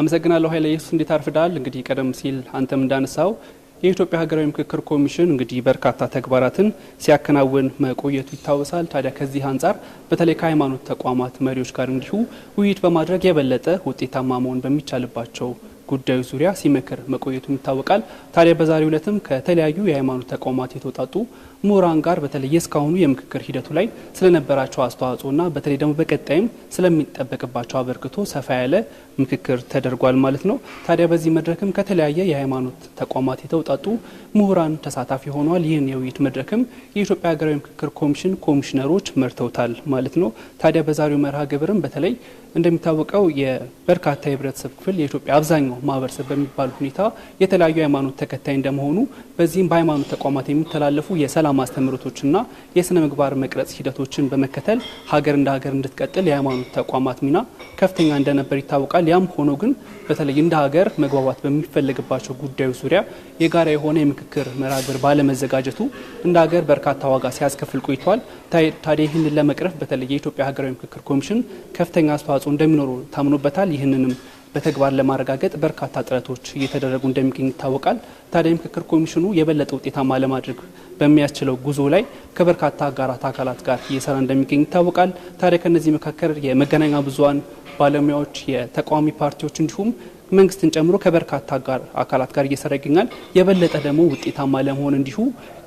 አመሰግናለሁ ኃይለ ኢየሱስ። እንዴት አርፍዳል። እንግዲህ ቀደም ሲል አንተም እንዳነሳው የኢትዮጵያ ሀገራዊ ምክክር ኮሚሽን እንግዲህ በርካታ ተግባራትን ሲያከናውን መቆየቱ ይታወሳል። ታዲያ ከዚህ አንጻር በተለይ ከሃይማኖት ተቋማት መሪዎች ጋር እንዲሁ ውይይት በማድረግ የበለጠ ውጤታማ መሆን በሚቻልባቸው ጉዳዩ ዙሪያ ሲመክር መቆየቱም ይታወቃል። ታዲያ በዛሬው ዕለትም ከተለያዩ የሃይማኖት ተቋማት የተውጣጡ ምሁራን ጋር በተለይ እስካሁኑ የምክክር ሂደቱ ላይ ስለነበራቸው አስተዋጽኦና በተለይ ደግሞ በቀጣይም ስለሚጠበቅባቸው አበርክቶ ሰፋ ያለ ምክክር ተደርጓል ማለት ነው። ታዲያ በዚህ መድረክም ከተለያየ የሃይማኖት ተቋማት የተውጣጡ ምሁራን ተሳታፊ ሆኗል። ይህን የውይይት መድረክም የኢትዮጵያ ሀገራዊ ምክክር ኮሚሽን ኮሚሽነሮች መርተውታል ማለት ነው። ታዲያ በዛሬው መርሃ ግብርም በተለይ እንደሚታወቀው የበርካታ የህብረተሰብ ክፍል የኢትዮጵያ አብዛኛው ማህበረሰብ በሚባል ሁኔታ የተለያዩ ሃይማኖት ተከታይ እንደመሆኑ በዚህም በሃይማኖት ተቋማት የሚተላለፉ የሰላም አስተምህሮቶችና የስነ ምግባር መቅረጽ ሂደቶችን በመከተል ሀገር እንደ ሀገር እንድትቀጥል የሃይማኖት ተቋማት ሚና ከፍተኛ እንደነበር ይታወቃል። ያም ሆኖ ግን በተለይ እንደ ሀገር መግባባት በሚፈለግባቸው ጉዳዮች ዙሪያ የጋራ የሆነ የምክክር መርሃ ባለመዘጋጀቱ እንደ ሀገር በርካታ ዋጋ ሲያስከፍል ቆይቷል። ታዲያ ይህንን ለመቅረፍ በተለይ የኢትዮጵያ ሀገራዊ ምክክር ኮሚሽን ከፍተኛ አስተዋጽኦ እንደሚኖሩ ታምኖበታል። ይህንንም በተግባር ለማረጋገጥ በርካታ ጥረቶች እየተደረጉ እንደሚገኝ ይታወቃል። ታዲያ የምክክር ኮሚሽኑ የበለጠ ውጤታማ ለማድረግ በሚያስችለው ጉዞ ላይ ከበርካታ አጋራት አካላት ጋር እየሰራ እንደሚገኝ ይታወቃል። ታዲያ ከእነዚህ መካከል የመገናኛ ብዙሃን ባለሙያዎች፣ የተቃዋሚ ፓርቲዎች እንዲሁም መንግስትን ጨምሮ ከበርካታ ጋር አካላት ጋር እየሰራ ይገኛል። የበለጠ ደግሞ ውጤታማ ለመሆን እንዲሁ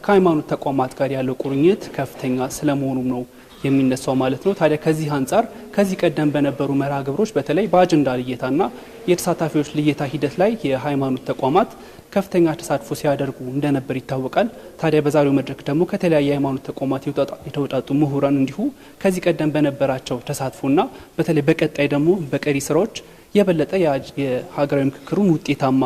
ከሃይማኖት ተቋማት ጋር ያለው ቁርኝት ከፍተኛ ስለመሆኑም ነው የሚነሳው ማለት ነው። ታዲያ ከዚህ አንጻር ከዚህ ቀደም በነበሩ መርሃ ግብሮች በተለይ በአጀንዳ ልየታና የተሳታፊዎች ልየታ ሂደት ላይ የሃይማኖት ተቋማት ከፍተኛ ተሳትፎ ሲያደርጉ እንደነበር ይታወቃል። ታዲያ በዛሬው መድረክ ደግሞ ከተለያየ ሃይማኖት ተቋማት የተውጣጡ ምሁራን እንዲሁ ከዚህ ቀደም በነበራቸው ተሳትፎና በተለይ በቀጣይ ደግሞ በቀሪ ስራዎች የበለጠ የሀገራዊ ምክክሩን ውጤታማ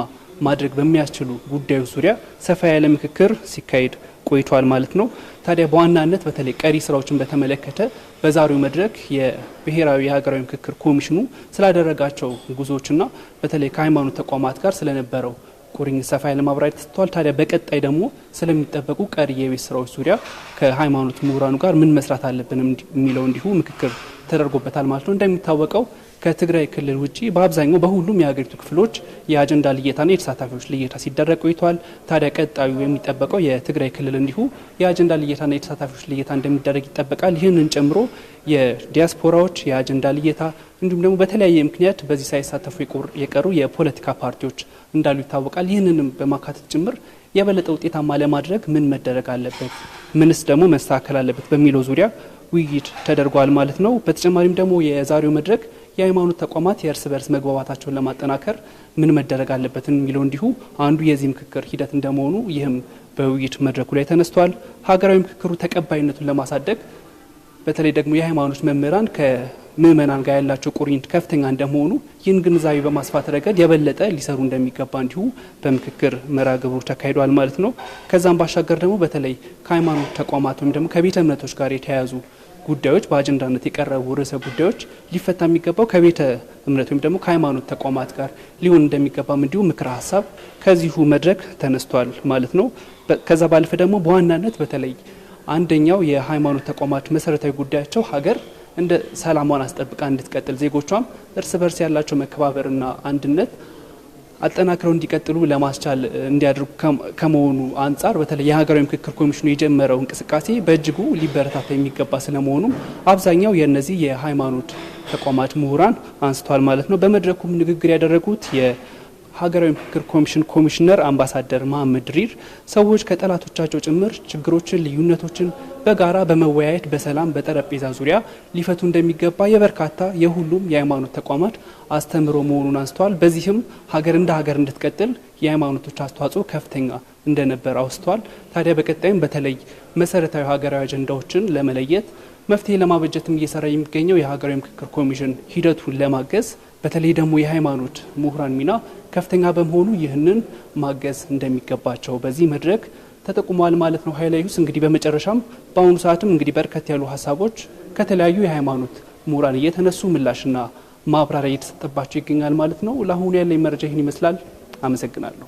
ማድረግ በሚያስችሉ ጉዳዮች ዙሪያ ሰፋ ያለ ምክክር ሲካሄድ ቆይቷል ማለት ነው። ታዲያ በዋናነት በተለይ ቀሪ ስራዎችን በተመለከተ በዛሬው መድረክ የብሔራዊ የሀገራዊ ምክክር ኮሚሽኑ ስላደረጋቸው ጉዞዎችና በተለይ ከሃይማኖት ተቋማት ጋር ስለነበረው ቁርኝት ሰፋ ያለ ማብራሪያ ተሰጥቷል። ታዲያ በቀጣይ ደግሞ ስለሚጠበቁ ቀሪ የቤት ስራዎች ዙሪያ ከሃይማኖት ምሁራኑ ጋር ምን መስራት አለብን የሚለው እንዲሁ ምክክር ተደርጎበታል ማለት ነው እንደሚታወቀው ከትግራይ ክልል ውጪ በአብዛኛው በሁሉም የሀገሪቱ ክፍሎች የአጀንዳ ልየታና የተሳታፊዎች ልየታ ሲደረግ ቆይተዋል። ታዲያ ቀጣዩ የሚጠበቀው የትግራይ ክልል እንዲሁ የአጀንዳ ልየታና የተሳታፊዎች ልየታ እንደሚደረግ ይጠበቃል። ይህንን ጨምሮ የዲያስፖራዎች የአጀንዳ ልየታ እንዲሁም ደግሞ በተለያየ ምክንያት በዚህ ሳይሳተፉ የቀሩ የፖለቲካ ፓርቲዎች እንዳሉ ይታወቃል። ይህንንም በማካተት ጭምር የበለጠ ውጤታማ ለማድረግ ምን መደረግ አለበት፣ ምንስ ደግሞ መስተካከል አለበት በሚለው ዙሪያ ውይይት ተደርጓል ማለት ነው። በተጨማሪም ደግሞ የዛሬው መድረክ የሃይማኖት ተቋማት የእርስ በርስ መግባባታቸውን ለማጠናከር ምን መደረግ አለበት የሚለው እንዲሁ አንዱ የዚህ ምክክር ሂደት እንደመሆኑ ይህም በውይይት መድረኩ ላይ ተነስቷል። ሀገራዊ ምክክሩ ተቀባይነቱን ለማሳደግ በተለይ ደግሞ የሃይማኖት መምህራን ከምእመናን ጋር ያላቸው ቁርኝት ከፍተኛ እንደመሆኑ ይህን ግንዛቤ በማስፋት ረገድ የበለጠ ሊሰሩ እንደሚገባ እንዲሁ በምክክር መርሃ ግብሮች ተካሂዷል ማለት ነው። ከዛም ባሻገር ደግሞ በተለይ ከሃይማኖት ተቋማት ወይም ደግሞ ከቤተ እምነቶች ጋር የተያያዙ ጉዳዮች በአጀንዳነት የቀረቡ ርዕሰ ጉዳዮች ሊፈታ የሚገባው ከቤተ እምነት ወይም ደግሞ ከሃይማኖት ተቋማት ጋር ሊሆን እንደሚገባም እንዲሁ ምክረ ሀሳብ ከዚሁ መድረክ ተነስቷል ማለት ነው። ከዛ ባለፈ ደግሞ በዋናነት በተለይ አንደኛው የሃይማኖት ተቋማት መሰረታዊ ጉዳያቸው ሀገር እንደ ሰላሟን አስጠብቃ እንድትቀጥል ዜጎቿም እርስ በርስ ያላቸው መከባበርና አንድነት አጠናክረው እንዲቀጥሉ ለማስቻል እንዲያደርጉ ከመሆኑ አንጻር በተለይ የሀገራዊ ምክክር ኮሚሽኑ የጀመረው እንቅስቃሴ በእጅጉ ሊበረታታ የሚገባ ስለመሆኑም አብዛኛው የእነዚህ የሃይማኖት ተቋማት ምሁራን አንስተዋል ማለት ነው። በመድረኩም ንግግር ያደረጉት ሀገራዊ ምክክር ኮሚሽን ኮሚሽነር አምባሳደር መሀመድ ሪር ሰዎች ከጠላቶቻቸው ጭምር ችግሮችን፣ ልዩነቶችን በጋራ በመወያየት በሰላም በጠረጴዛ ዙሪያ ሊፈቱ እንደሚገባ የበርካታ የሁሉም የሃይማኖት ተቋማት አስተምህሮ መሆኑን አንስተዋል። በዚህም ሀገር እንደ ሀገር እንድትቀጥል የሃይማኖቶች አስተዋጽኦ ከፍተኛ እንደነበር አውስተዋል። ታዲያ በቀጣይም በተለይ መሰረታዊ ሀገራዊ አጀንዳዎችን ለመለየት መፍትሄ ለማበጀትም እየሰራ የሚገኘው የሀገራዊ ምክክር ኮሚሽን ሂደቱን ለማገዝ በተለይ ደግሞ የሃይማኖት ምሁራን ሚና ከፍተኛ በመሆኑ ይህንን ማገዝ እንደሚገባቸው በዚህ መድረክ ተጠቁሟል ማለት ነው። ሀይላዩስ እንግዲህ በመጨረሻም በአሁኑ ሰዓትም እንግዲህ በርከት ያሉ ሀሳቦች ከተለያዩ የሃይማኖት ምሁራን እየተነሱ ምላሽና ማብራሪያ እየተሰጠባቸው ይገኛል ማለት ነው። ለአሁኑ ያለኝ መረጃ ይህን ይመስላል። አመሰግናለሁ።